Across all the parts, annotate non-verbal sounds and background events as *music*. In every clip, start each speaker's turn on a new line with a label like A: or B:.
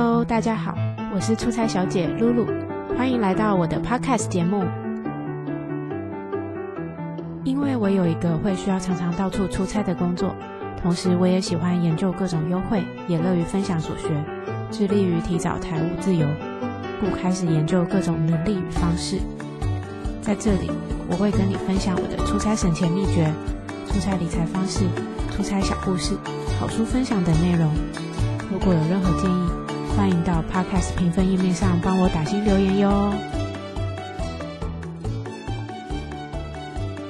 A: Hello，大家好，我是出差小姐露露，歡迎來到我的 Podcast 節目。因為我有一個會需要常常到處出差的工作，同時我也喜歡研究各種優惠，也樂於分享所學，致力於提早財務自由，故開始研究各種能力與方式。在這裡，我會跟你分享我的出差省錢秘訣、出差理財方式、出差小故事、好書分享等內容。如果有任何建議，歡迎到 Podcast 評分頁面上幫我打星留言喲。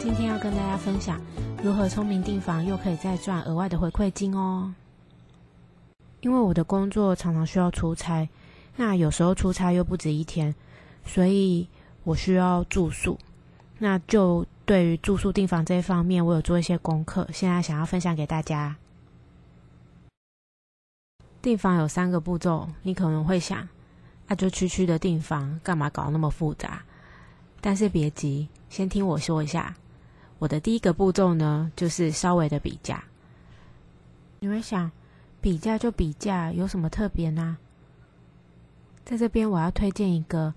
A: 今天要跟大家分享如何聰明訂房，又可以再賺額外的回饋金哦。因為我的工作常常需要出差，那有時候出差又不止一天，所以我需要住宿。那就對於住宿訂房這一方面，我有做一些功課，現在想要分享給大家。訂房有三個步驟，你可能會想，啊，就區區的訂房，幹嘛搞那麼複雜？但是別急，先聽我說一下。我的第一個步驟呢，就是稍微的比價。你們想，比價就比價，有什麼特別呢？在這邊，我要推薦一個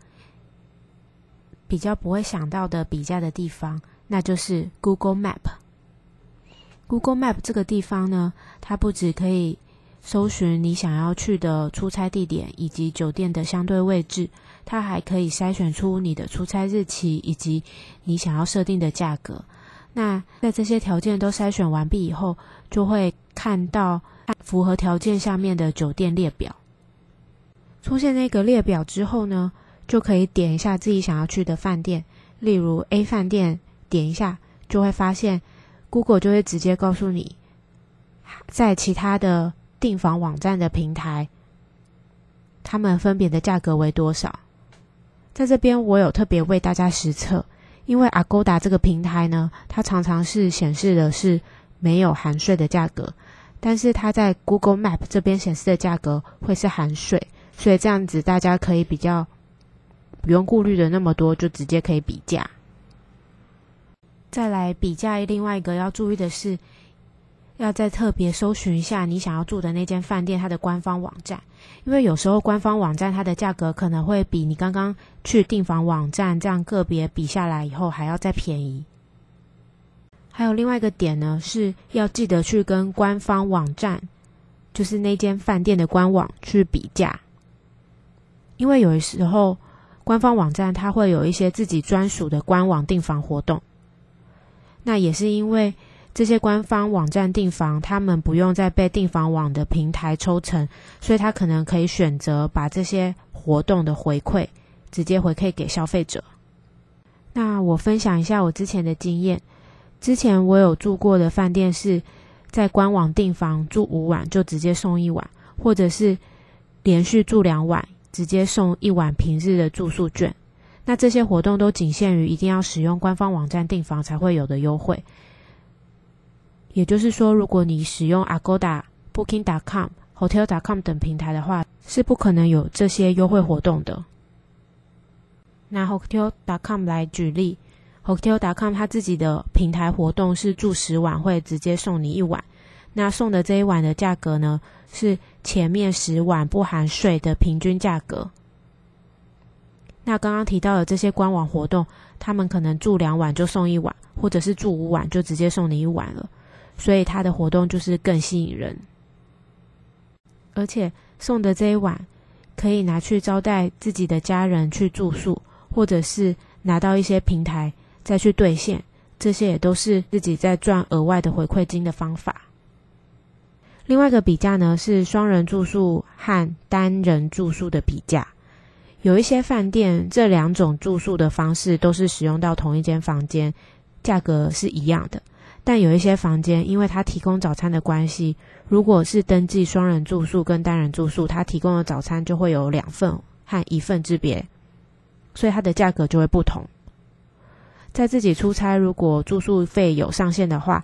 A: 比較不會想到的比價的地方，那就是 Google Map。Google Map 這個地方呢，它不止可以搜尋你想要去的出差地點以及酒店的相對位置，它還可以篩選出你的出差日期以及你想要設定的價格。那在這些條件都篩選完畢以後，就會看到符合條件下面的酒店列表。出現那個列表之後呢，就可以點一下自己想要去的飯店，例如 A 飯店，點一下就會發現 Google 就會直接告訴你，在其他的。訂房網站的平台，它們分別的價格為多少？在這邊我有特別為大家實測，因為 Agoda 這個平台呢，它常常是顯示的是沒有含稅的價格，但是它在 Google Map 這邊顯示的價格會是含稅，所以這樣子大家可以比較不用顧慮的那麼多，就直接可以比價。再來比價，另外一個要注意的是。要再特別搜尋一下你想要住的那間飯店，它的官方網站，因為有時候官方網站它的價格可能會比你剛剛去訂房網站這樣個別比下來以後還要再便宜。還有另外一個點呢，是要記得去跟官方網站，就是那間飯店的官網去比價，因為有的時候官方網站它會有一些自己專屬的官網訂房活動，那也是因為。這些官方網站訂房，他們不用再被訂房網的平台抽成，所以他可能可以選擇把這些活動的回饋直接回饋給消費者。那我分享一下我之前的經驗，之前我有住過的飯店是在官網訂房，住五晚就直接送一晚，或者是連續住兩晚直接送一晚平日的住宿券。那這些活動都僅限於一定要使用官方網站訂房才會有的優惠。也就是說，如果你使用 Agoda、Booking.com、Hotel.com 等平台的話，是不可能有這些優惠活動的。那 Hotel.com 來舉例，Hotel.com 它自己的平台活動是住十晚會直接送你一晚，那送的這一晚的價格呢是前面十晚不含稅的平均價格。那剛剛提到的這些官網活動，他們可能住兩晚就送一晚，或者是住五晚就直接送你一晚了。所以它的活動就是更吸引人，而且送的這一晚可以拿去招待自己的家人去住宿，或者是拿到一些平台再去兌現，這些也都是自己在賺額外的回饋金的方法。另外一個比價呢是雙人住宿和單人住宿的比價，有一些飯店這兩種住宿的方式都是使用到同一間房間，價格是一樣的。但有一些房間，因為它提供早餐的關係，如果是登記雙人住宿跟單人住宿，它提供的早餐就會有兩份和一份之別，所以它的價格就會不同。在自己出差，如果住宿費有上限的話，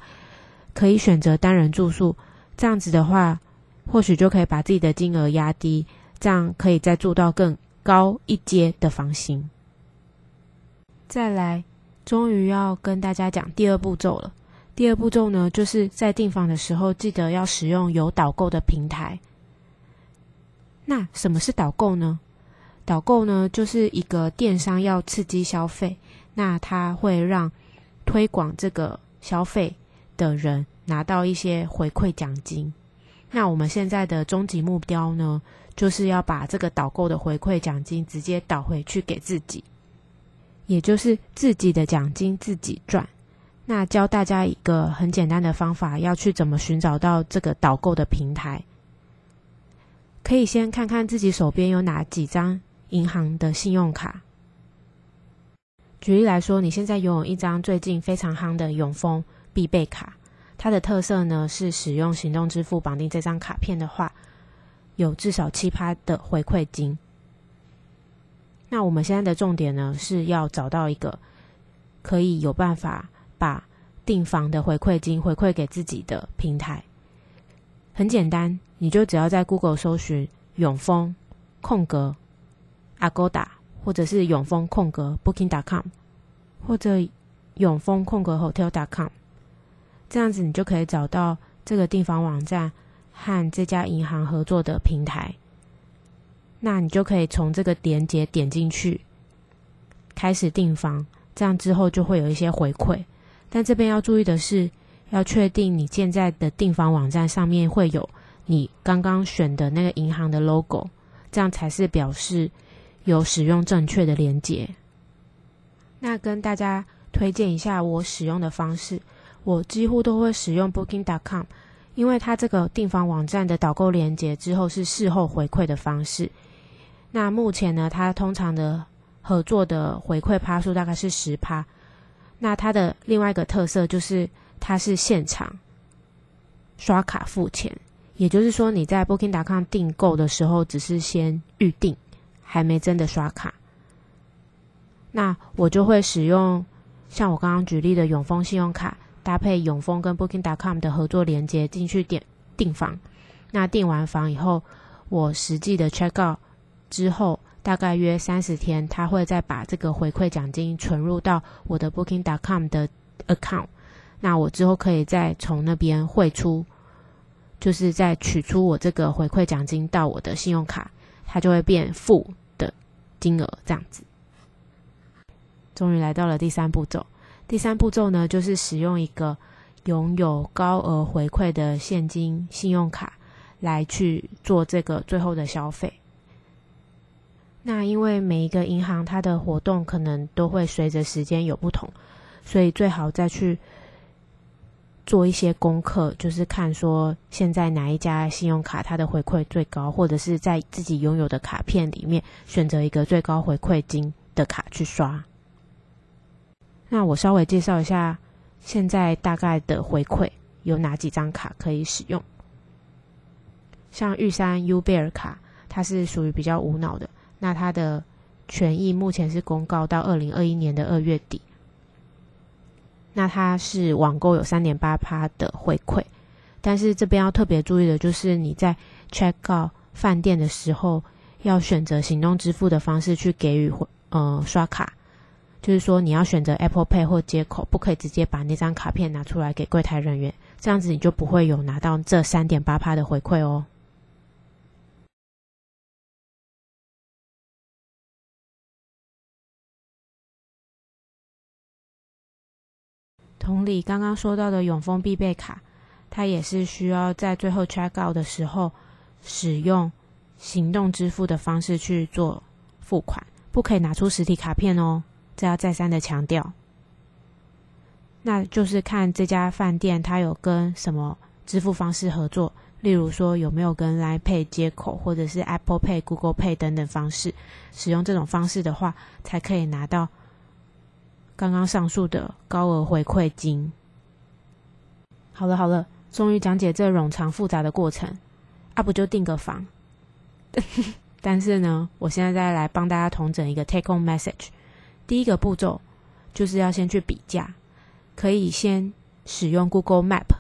A: 可以選擇單人住宿，這樣子的話，或許就可以把自己的金額壓低，這樣可以再住到更高一階的房型。再來，終於要跟大家講第二步驟了。第二步驟呢，就是在訂房的時候，記得要使用有導購的平台。那什麼是導購呢？導購呢，就是一個電商要刺激消費，那他會讓推廣這個消費的人拿到一些回饋獎金。那我們現在的終極目標呢，就是要把這個導購的回饋獎金直接導回去給自己，也就是自己的獎金自己賺。那教大家一個很簡單的方法，要去怎麼尋找到這個導購的平台。可以先看看自己手邊有哪幾張銀行的信用卡。舉例來說，你現在擁有一張最近非常夯的永豐必備卡，它的特色呢，是使用行動支付綁定這張卡片的話，有至少七趴的回饋金。那我們現在的重點呢，是要找到一個可以有辦法把訂房的回饋金回饋給自己的平台，很簡單，你就只要在 Google 搜尋永豐空格 Agoda，或者是永豐空格 Booking.com，或者永豐空格 Hotel.com，這樣子你就可以找到這個訂房網站和這家銀行合作的平台，那你就可以從這個連結點進去，開始訂房，這樣之後就會有一些回饋。但這邊要注意的是，要確定你現在的訂房網站上面會有你剛剛選的那個銀行的 logo，這樣才是表示有使用正確的連結。那跟大家推薦一下我使用的方式，我幾乎都會使用 Booking.com，因為它這個訂房網站的導購連結之後是事後回饋的方式。那目前呢，它通常的合作的回饋趴數大概是十趴。那它的另外一個特色就是，它是現場刷卡付錢，也就是說你在 Booking.com 訂購的時候，只是先預訂，還沒真的刷卡。那我就會使用像我剛剛舉例的永豐信用卡，搭配永豐跟 Booking.com 的合作連接進去點訂房。那訂完房以後，我實際的 check out 之後。大概約三十天，他會再把這個回饋獎金存入到我的 Booking dot com 的 account。那我之後可以再從那邊匯出，就是再取出我這個回饋獎金到我的信用卡，它就會變負的金額這樣子。終於來到了第三步驟，第三步驟呢就是使用一個擁有高額回饋的現金信用卡來去做這個最後的消費。那因為每一個銀行它的活動可能都會隨着時間有不同，所以最好再去做一些功課，就是看說現在哪一家信用卡它的回饋最高，或者是在自己擁有的卡片裡面選擇一個最高回饋金的卡去刷。那我稍微介紹一下現在大概的回饋有哪幾張卡可以使用，像玉山 Ubear 卡，它是屬於比較無腦的。那它的權益目前是公告到二零二一年的二月底。那它是網購有三點八趴的回饋，但是這邊要特別注意的就是你在 check out 飯店的時候，要選擇行動支付的方式去給予嗯呃刷卡，就是說你要選擇 Apple Pay 或街口，不可以直接把那張卡片拿出來給櫃檯人員，這樣子你就不會有拿到這三點八趴的回饋哦。同理，剛剛說到的永豐必備卡，它也是需要在最後 check out 的時候，使用行動支付的方式去做付款，不可以拿出實體卡片哦。這要再三的強調。那就是看這家飯店它有跟什麼支付方式合作，例如說有沒有跟 Line Pay 接口，或者是 Apple Pay、Google Pay 等等方式，使用這種方式的話，才可以拿到。剛剛上述的高額回饋金。好了好了，終於講解這冗長複雜的過程，阿、啊、不就訂個房。 *laughs* 但是呢，我現在再來幫大家統整一個 Take Home Message。第一個步驟就是要先去比價，可以先使用 Google Map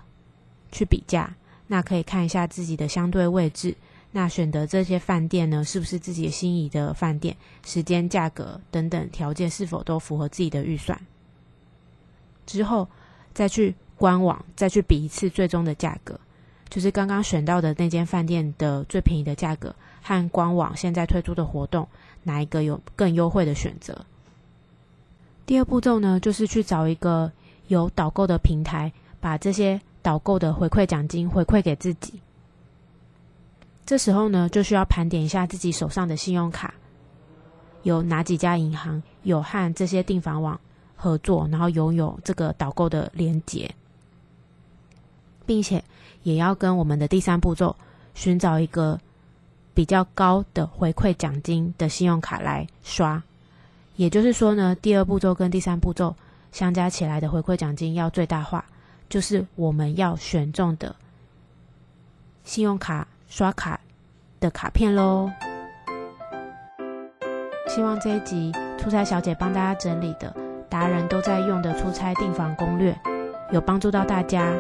A: 去比價，那可以看一下自己的相對位置。那選擇這些飯店呢，是不是自己心儀的飯店？時間、價格等等條件是否都符合自己的預算？之後再去官網再去比一次最終的價格，就是剛剛選到的那間飯店的最便宜的價格，和官網現在推出的活動哪一個有更優惠的選擇？第二步驟呢，就是去找一個有導購的平台，把這些導購的回饋獎金回饋給自己。這時候呢，就需要盤點一下自己手上的信用卡，有哪幾家銀行有和這些訂房網合作，然後擁有這個導購的連接，並且也要跟我們的第三步驟尋找一個比較高的回饋獎金的信用卡來刷。也就是說呢，第二步驟跟第三步驟相加起來的回饋獎金要最大化，就是我們要選中的信用卡。刷卡的卡片嘍！希望這一集出差小姐幫大家整理的達人都在用的出差訂房攻略有幫助到大家，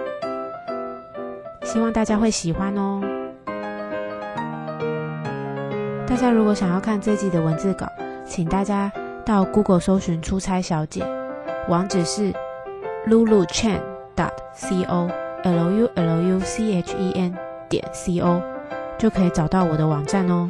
A: 希望大家會喜歡哦！大家如果想要看這一集的文字稿，請大家到 Google 搜尋“出差小姐”，網址是 lulu chen 點 c o l u l u c h e n 點 c o。就可以找到我的網站哦。